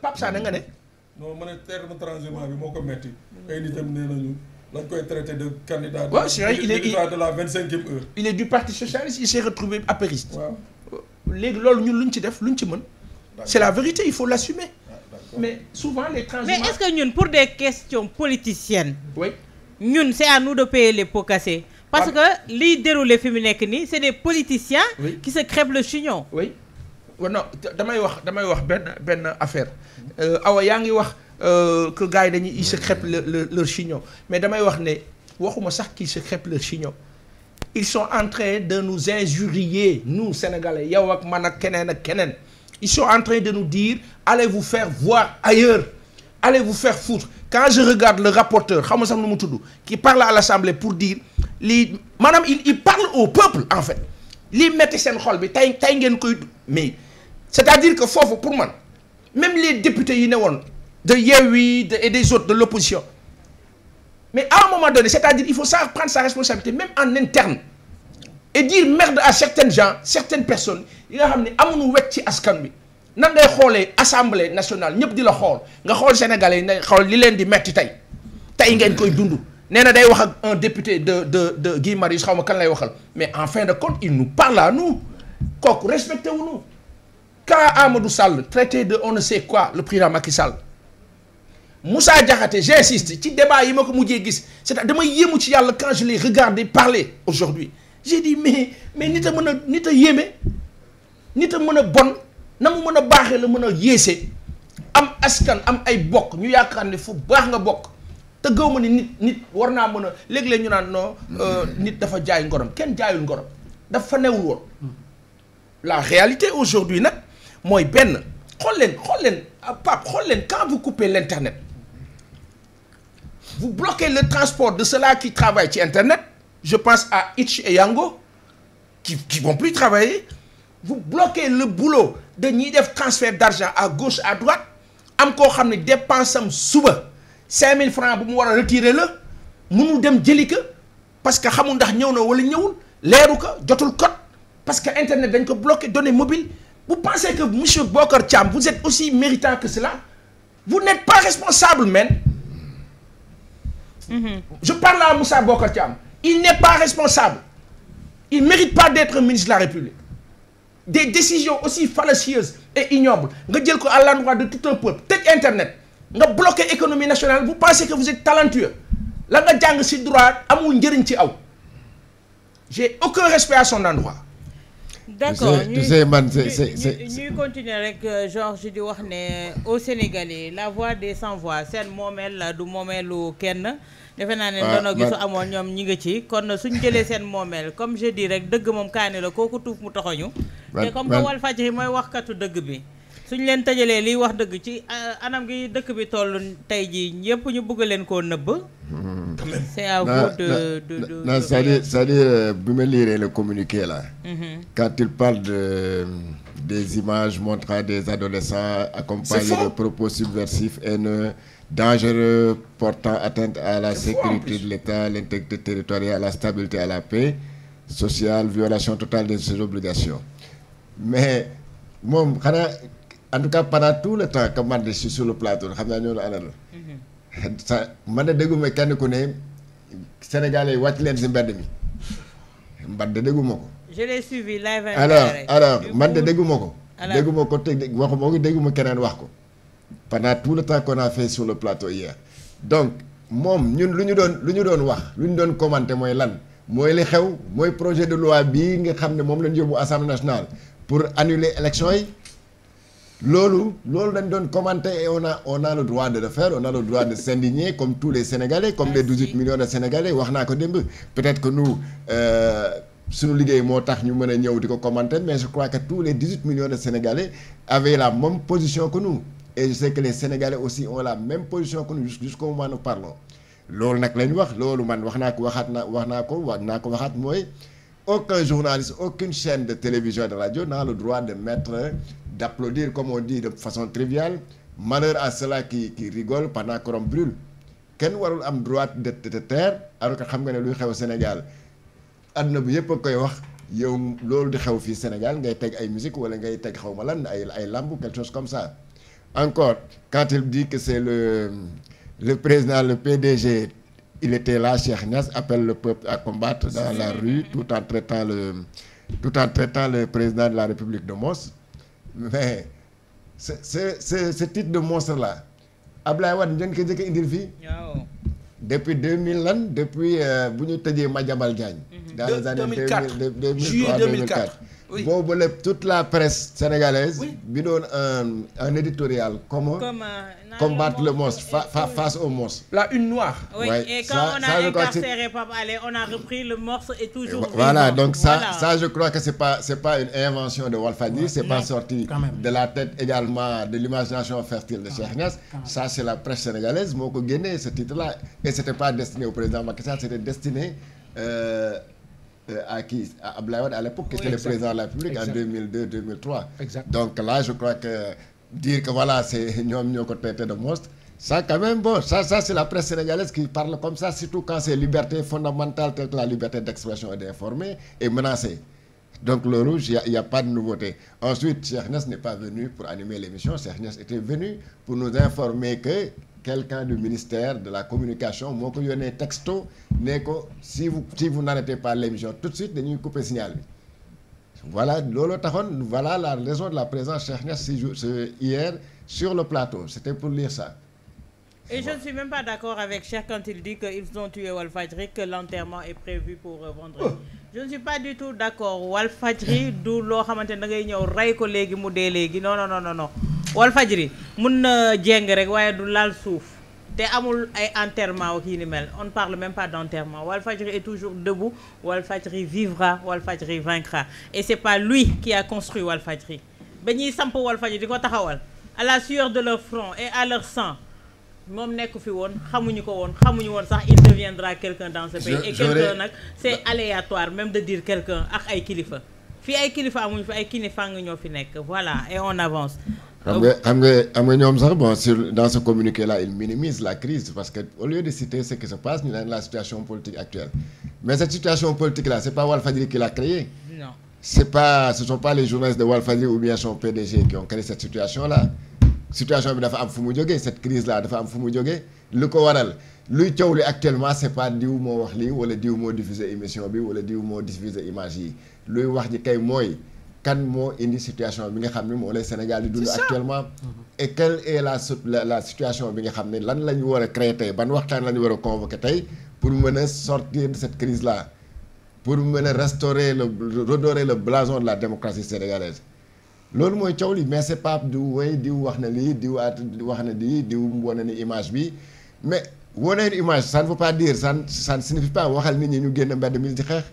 parce Sané nga ne. non ma ne terme transhumant bi moo ko metti ay nitam nee nañu lañ koy traité de candidat. waaw c'est vrai il est de la du parti socialiste il s'est retrouvé apériste. waaw léegi loolu ñun luñ ci def luñ ci mën. c'est la vérité il faut l'assumer ah, mais souvent les transhumants. mais est-ce que ñun pour des questions politiciennes. oui ñun c'est à nous de payer les pots cassés. parce que liy déroulé fi mu nekk nii c'est des politiciens. oui qui se crêpent le chignon. non damay wax damay wax benn benn affaire euh, awa yaa ngi wax euh, que gars yi dañuy ils se crêpent le leur chignon mais damay wax ne waxuma sax qu'ils se crêpent leur chignon ils sont en train de nous injurier nous sénégalais yow ak man ak keneen ak keneen ils sont en train de nous dire allez vous faire voir ailleurs allez vous faire foutre quand je regarde le rapporteur xam nga sax nu mu tudd qui parle à l'assemblée pour dire lii maanaam il il au peuple en fait lii metti seen bi tey tey ngeen koy mais c'est-à-dire que foofu pour man même les députés yi ne woon de wii de et des autres de l'opposition mais à un moment donné c'est-à-dire il faut ça prendre sa responsabilité même en interne et dire merde à certaines gens certaines personnes yi nga xam ne amuñu wet ci askan bi nan ngay xoolee assemblée nationale ñëpp di la xool nga xool sénégalais yi ne xool li leen di metti tey tey ngeen koy dund nee na day wax ak un député de de de Guy Marius xaw ma kan lay waxal mais en fin de compte il nous parle à nous kooku respecté Quand Amadou Sall traité de on ne sait quoi le président Macky Sall Moussa Diakhaté j'insiste ci débat yi ma ko mujjee gis cest damay yéemu ci yàlla quand je l'ai regardé parler aujourd'hui j'ai dit mais mais nit a mën a nit a yéeme nit a mën a bon na mu mën a baaxee la mën a yéese am askan am ay bokk ñu yaakaar ne fu baax nga bokk te gëw ma ni nit nit war naa mën a léeg-léeg ñu naan non euh, nit dafa jaay ngorom kenn jaayul ngorom dafa new woon la réalité aujourd'hui nag mooy benn xool leen xool leen ah, Pape xool leen quand vous coupez l'internet vous bloquez le transport de ceux-là qui ci internet je pense à Itch et Yango ki qui vont plus travailler vous bloquez le boulot de ñiy def transfert d'argent à gauche à droite am koo xam ne dépense am suba 5000 francs bu mu war a retirer la mu mënul dem jëli ko parce que xamul ndax ñëw na wala ñëwul leeru ko jotul code parce que internet dañ ko bloqué données mobiles Vous pensez que monsieur Bokar Thiam, vous êtes aussi méritant que cela Vous n'êtes pas responsable, même. Mm -hmm. Je parle à Moussa Bokar Thiam. Il n'est pas responsable. Il ne mérite pas d'être ministre de la République. Des décisions aussi fallacieuses et ignobles, vous dites à l'endroit de tout un peuple, peut-être Internet, nga bloquez l'économie nationale, vous pensez que vous êtes talentueux. Là, vous avez droit, vous J'ai aucun respect à son endroit. d'accord ñu ñuy continuer rek euh, Georges di wax ne au Sénégalais la voix des sans voix seen moomeel la du moomeelu kenn defe naa ne ah, ndono gi amoon ñoom ñi nga ci kon suñ jëlee seen moomeel comme je dis rek dëgg moom kaani la kooku tuuf mu toxoñu te comme que Walfadjri mooy waxkatu dëgg bi suñ leen tëjalee liy wax dëgg ci euh, anam gi dëkk bi toll tey jii ñëpp ñu bëgg leen ko nëbb. c'est à vous de dire cest dire bi ma liiree le communiqué la mm-hmm. quand il parle de euh, des images montrant des adolescents accompagnés de propos subversifs haineux dangereux portant atteinte à la sécurité de l'État l'intégrité territoriale la stabilité à la paix sociale violation totale de ses obligations mais moom xanaa. en tout cas pendant tout le temps que man de si sur le plateau xam naa ñoonu àndal mhm. sa man de dégguma kenn ku ne sénégalais yi wàcc leen si mbedd mi man de dégguma ko. je l'ai suivi de dégguma ko. dégguma ko te waxuma ko dégguma keneen wax ko. pendant tout le temps qu'on a fait sur le plateau hier donc moom ñun lu ñu doon lu ñu doon wax lu ñu doon commenté mooy lan mooy li xew mooy projet de loi bii nga xam ne moom lañ yóbbu assemblée nationale pour annuler élection yi. loolu loolu dañ doon commenter et on a on a le droit de le faire on a le droit de s'indigner comme tous les Sénégalais comme les 18 millions de Sénégalais wax naa ko démb peut-être que nous euh, suñu liggéey moo tax ñu mën a ñëw di ko commenter mais je crois que tous les 18 millions de Sénégalais avaient la même position que nous et je sais que les Sénégalais aussi ont la même position que nous jusqu'au moment nous parlons loolu nag lañ wax loolu man wax naa ko waxaat naa wax naa ko wax naa ko waxaat mooy aucun journaliste aucune de télévision et de radio n'a le droit de d'applaudir, comme on dit de façon triviale. Malheur à ceux-là qui, qui rigolent pendant que l'on kenn warul am droit de te taire alors xam nga ne luy xew Sénégal àdduna bi yëpp a koy wax yow loolu di xew fii Sénégal ngay teg ay musique wala ngay teg xaw ma lan ay ay lamb chose comme ça encore quand il dit que c'est le le président le PDG il était là Cheikh Niass appelle le peuple à combattre dans la rue tout en traitant le tout en traitant le président de la République de Mos mais ce ce ce titre de monstre là Ablaye Wade ñu ko njëkk a indil fii. depuis deux mille lan depuis euh, bu ñu tëjee Madiambal Diagne. Mhm. dans les années deux mille juillet deux mille quatre oui boobu lépp toute la presse sénégalaise. bi doon un euh, un éditorial. comment euh, combattre le monstre face au monstre. la une noire. et quand on a incarcéré donc ça ça je crois que c'est pas une invention de Walfadjri c'est pas sorti de la tête également de l'imagination fertile de Cheikh c'est la presse sénégalaise moo ko génnee ce titre là et c'était pas destiné au président Macky Sall destiné. Euh, Euh, à qui à Abdoulaye Wade à l'époque qui oui, était le de la République exact. en 2002 2003. Exact. Donc là je crois que dire que voilà c'est ñoom ñoo ko traité de monstre. Ça quand même bon ça ça c'est la presse sénégalaise qui parle comme ça surtout quand c'est liberté fondamentale telle que la liberté d'expression et d'informer est menacée. donc loolu y' a y' a pas de nouveauté ensuite Cheikh Niass n'est pas venu pour animer l'émission Cheikh Niass était venu pour nous informer que quelqu'un du ministère de la communication moo ko yónnee texto ne ko si vous si vous n'arrêtez pas l'émission tout de suite dañuy couper signal bi voilà loolu taxoon voilà la raison de la présence Cheikh Niass si hier sur le plateau c'était pour lire ça Et je ne suis même pas d'accord avec Cheikh quand il dit qu'ils ont tué Walfadjri, que l'enterrement est prévu pour euh, vendredi. je ne suis pas du tout d'accord Walfadjri du loo xamante ne da ngay ñëw rey ko léegi mu dee léegi no non no non Walfadjri mun na jéng rek waaye du laal suuf te amul ay enterrement ak ni mel on ne même pas d'enterrement Walfadjri est toujours debout Walfadjri vivra Walfadjri vaincra et c'est pas lui qui a construit Walfadjri ba ñuy samp Walfadjri di ko taxawal à la sueur de leur front et à leur sang moom nekk fi woon xamuñu ko woon xamuñu woon sax il deviendra quelqu'un dans ce pays et quelqu'un nag c'est aléatoire même de dire quelqu'un ak ay kilifa fii ay kilifa amuñu fi ay kilifa nga ñoo fi nekk voilà et on avance xam nga xam nga xam nga ñoom sax bon sur dans ce communiqué là il minimise la que au lieu de citer ce qui se passe ñu naan la situation politique actuelle mais cette situation politique là c'est pas Walfadjri qui l'a créée non c'est pas ce sont pas les journalistes de Walfadjri ou son PDG qui ont créé situation bi dafa am fu mu jógee cette crise là dafa am fu mu jógee lu ko waral luy coow li actuellement c'est pas diw moo wax lii wala diw moo diffuser émission bi wala diw moo diffuser image yi luy wax ji kay mooy kan moo indi situation bi nga xam ne moo lay Sénégal di dund actuellement mm-hmm. et quelle est la la situation bi nga xam ne lan la ñu war a créer tey ban waxtaan la ñu war a convoquer tey pour mën a sortir de cette crise là pour mën a restaurer le redorer le blason de la démocratie sénégalaise loolu mooy coow li mais c'est pas du way diw wax na lii diw at wax na lii diw wane na image bi mais wane image ça ne pas dire ça ça ne signifie pas waxal ñu génn mbedd mi di xeex.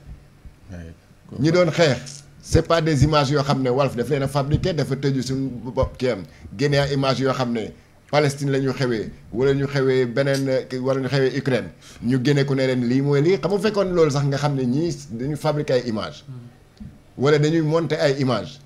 ñi doon xeex. c'est pas des images yoo xam ne Walf daf leen a fabriqué dafa tëju suñu bopp kii am génne ay images yoo xam ne Palestine la ñu xewee wala ñu xewee beneen wala ñu xewee Ukraine ñu génne ku ne leen lii mooy lii xam bu fekkoon loolu sax nga xam ne ñii dañu fabriqué ay images. Hmm. wala dañuy monter ay images.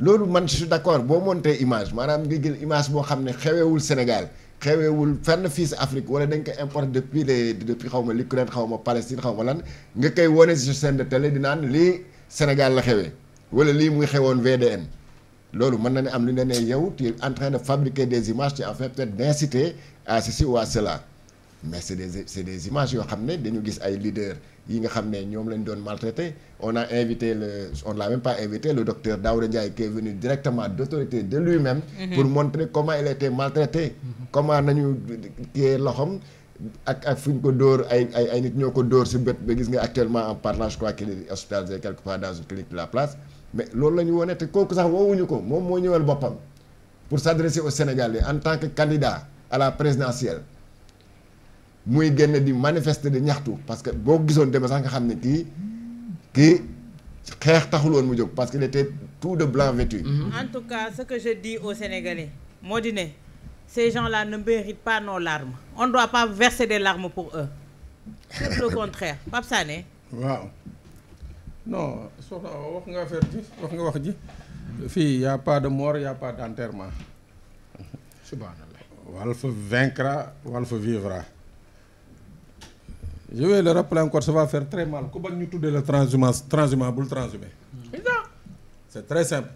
loolu man je suis d'accord boo monté image maanaam nga jël image boo xam ne xewewul Sénégal xewewul fenn fii si Afrique wala dañ ko importe depuis les depuis xaw ma l'Ukraine xaw ma Palestine xaw ma lan nga koy wone si chaîne de tele di naan lii Sénégal la xewee wala lii muy xewoon VDN loolu mën na ne am lu ne ne yow tu es en de fabriquer des images tu es en fait peut-être d'inciter à mais c'est des c'est des images yoo xam ne dañu gis ay leaders yi nga xam ne ñoom lañu doon maltraité on a invité le on l'a même pas invité le docteur Daouda Ndiaye qui est venu directement d'autorité de lui-même mm-hmm. pour montrer comment il était maltraité mm-hmm. comment nañu kii loxom ak ak fu ñu ko dóor ay ay ay nit ñoo ko dóor si bët ba gis nga actuellement en parlant je crois qu'il est hospitalisé quelque part dans une clinique la place mais loolu la wone te kooku sax woowuñu ko moom moo ñëwal boppam pour s'adresser aux Sénégalais en tant que candidat la présidentielle muy génn di manifester di ñaxtu parce que boo gisoon demee sax nga xam ne kii kii xeex taxul woon mu jóg parce que il tout de blanc vêtu. Mm-hmm. en tout cas ce que je dis aux Sénégalais moo di ne ces gens-là ne méritent pas nos larmes on doit pas verser des larmes pour eux c'est le contraire Pape waaw non soxna wax nga affaire ji wax nga wax ji. fii y pas de mort y a pas d'enterrement. subhanallah. Walf vaincra Walf vivra. je vais le rappeler encore ça va faire très mal ku bañ ñu tuddee la transhumance transhumant bul transhumé. c'est très simple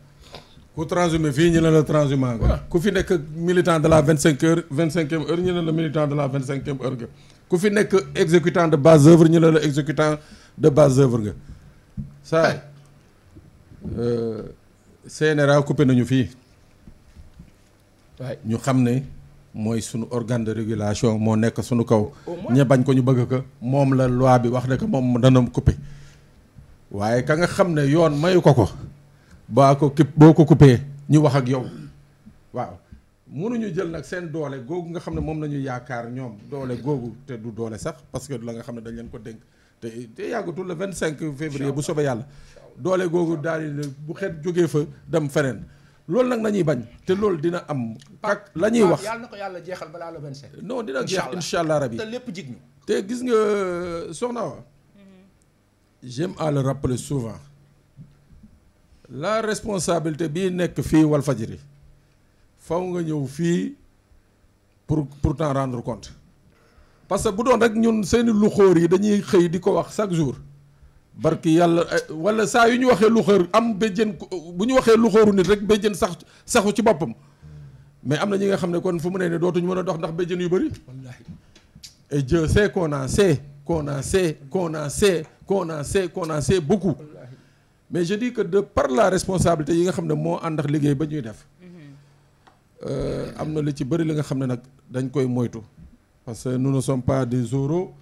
ku transhumé fii ñu ne la transhumant nga. ku fi nekk militant de la vingt cinq heures vingt cinquième heure ñu ne la militant de la vingt cinquième heure nga. ku fi nekk exécutant de base œuvre ñu ne la exécutant de base œuvre nga. saa euh, CNRA coupé nañu fii. waay ñu xam ne. mooy sunu organe de régulation moo nekk sunu kaw ña bañ ko ñu bëgg ko moom la loi bi wax ne que moom dana coupé waaye ka nga xam ne yoon mayu ko ko baa ko képp boo ko coupé ñu wax ak yow waaw munuñu jël nag seen doole googu nga xam ne moom la ñu yaakaar ñoom doole googu te du doole sax parce que la nga xam ne dañ leen ko dénk te te yàggatul le cinq février bu soobee yàlla doole googu daal di bu xet jógee fa dem feneen loolu nag nañuy bañ te loolu dina am. ak la ñuy wax yàlla na ko yàlla jeexal balaa le 27. non dina jeex incha allah rabi te lépp jig ñu. te gis nga soxna wa mhm. j'aime à le rappeler souvent la responsabilité bi nekk fii Walfadjri faw nga ñëw fii pour pour t'en rendre compte parce que bu doon rek ñun seeni lu xóor yi dañuy xëy di ko wax chaque jour. barki yàlla eh, wala saa yu ñu waxee lu xër am béjjën bu ñu waxee lu xëru nit rek béjjën sax saxu ci boppam mais am na ñi nga xam ne kon fu mu ne nii dootuñu mën a dox ndax béjjën yu bëri. wallaahi et Dieu sait qu'on en sait qu'on en sait qu'on en sait qu'on en sait mais je dis que de par la responsabilité yi nga xam ne moo ànd ak liggéey ba ñuy def euh, am na lu ci bëri li nga xam ne nag dañ koy moytu parce que nous ne pas des oraux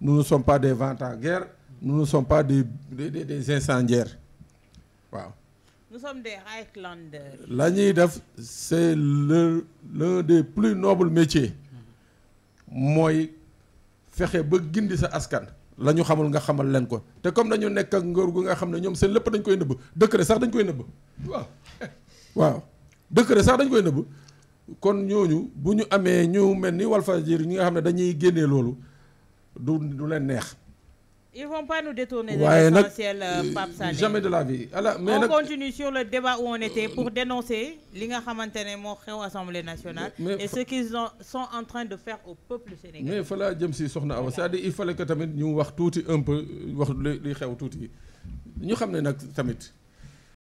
nu ne sommes pas des vents nous ne sommes pas des des des incendiaires waaw. nous sommes des Highlanders. la ñuy def c' est le plus nobles métiers. mooy fexe ba gindi sa askan. la ñu xamul nga xamal leen ko te comme dañu nekk ak ngóor gu nga xam ne ñoom seen lépp dañ koy nëbb décret sax dañ koy nëbb waaw. waaw décret sax dañ koy nëbb kon ñooñu bu ñu amee ñu mel ni Walfadjri ñi nga xam ne dañuy génnee loolu du du leen neex. Ils vont pas nous détourner de ouais, l'essentiel, euh, euh Pape Jamais de la vie. Alors, mais on continue sur le débat où on était pour dénoncer li nga xamante ne moo xew Assemblée nationale. Mais, et ce qu'ils ont sont en train de faire au peuple sénégalais. mais fa laa si soxna Awa c'est-à-dire il fallait que tamit ñu wax tuuti un peu wax li xew tuuti ñu xam ne nag tamit.